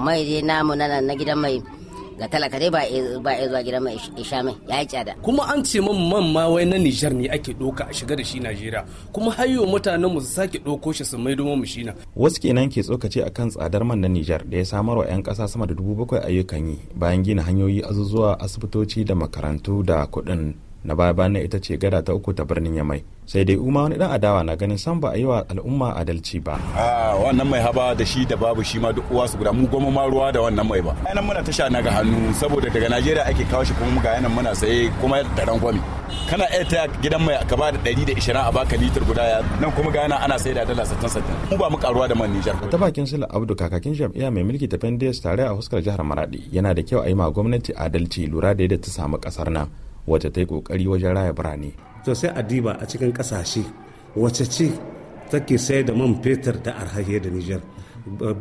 mai dai namu na na gidan mai ga talaka dai ba ba zuwa gidan mai isha mai ya yi tsada kuma an ce man man ma wai na Nijar ne ake doka a shiga da shi Najeriya kuma yau mutanen mu su sake doko shi su mai domin mu shi na wasu kenan ke tsokace akan tsadar man na Nijar da ya samar wa yan kasa sama da dubu bakwai ayyukan yi bayan gina hanyoyi azuzuwa asibitoci da makarantu da kuɗin na baya bayan ita ce gada ta uku ta birnin yamai sai dai uma wani dan adawa na ganin san ba a yi wa al'umma adalci ba a wannan mai haba da shi da babu shi ma duk uwa su guda mu goma ma ruwa da wannan mai ba yanan muna tasha na ga hannu saboda daga najeriya ake kawo shi kuma ga yanan muna saye kuma da gwami. kana iya ta gidan mai ka ba da ɗari da ishirin a baka litir guda ya nan kuma yana ana sai da dala satin satin. mu ba mu karuwa da man nijar. ta bakin sila abdu kakakin jam'iyya mai mulki ta pendes tare a huskar jihar maradi yana da kyau a yi ma gwamnati adalci lura da yadda ta samu kasar nan wacce ta yi kokari wajen raya birane to sai a diba a cikin kasashe wacce ce take sai da man fetur da arhahe da niger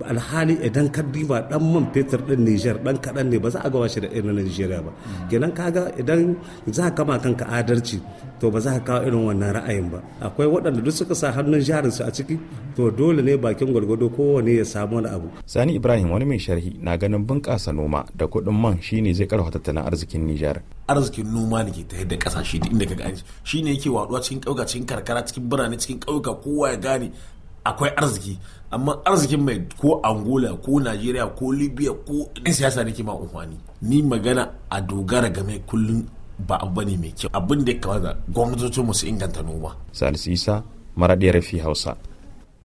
alhali idan ka diba dan man fetur din niger dan kaɗan ne ba za a ga shi da irin nigeria ba kenan kaga idan za ka ma kanka adalci to ba za ka kawo irin wannan ra'ayin ba akwai waɗanda duk suka sa hannun jarin su a ciki to dole ne bakin gwargwado kowane ya samu wani abu sani ibrahim wani mai sharhi na ganin bunƙasa noma da kuɗin man shine zai karfafa tattalin arzikin niger arzikin noma ne ke ta da kasashe da inda ka an shi ne yake waduwa cikin ƙauka cikin karkara cikin birane cikin ƙauka kowa ya gane akwai arziki amma arzikin mai ko angola ko nigeria ko libya ko ɗan siyasa ne ke ma umfani ni magana a dogara game kullum ba abu bane mai kyau abin da ya kamata gwamnatocin mu su inganta noma salisu isa maraɗiyar fi hausa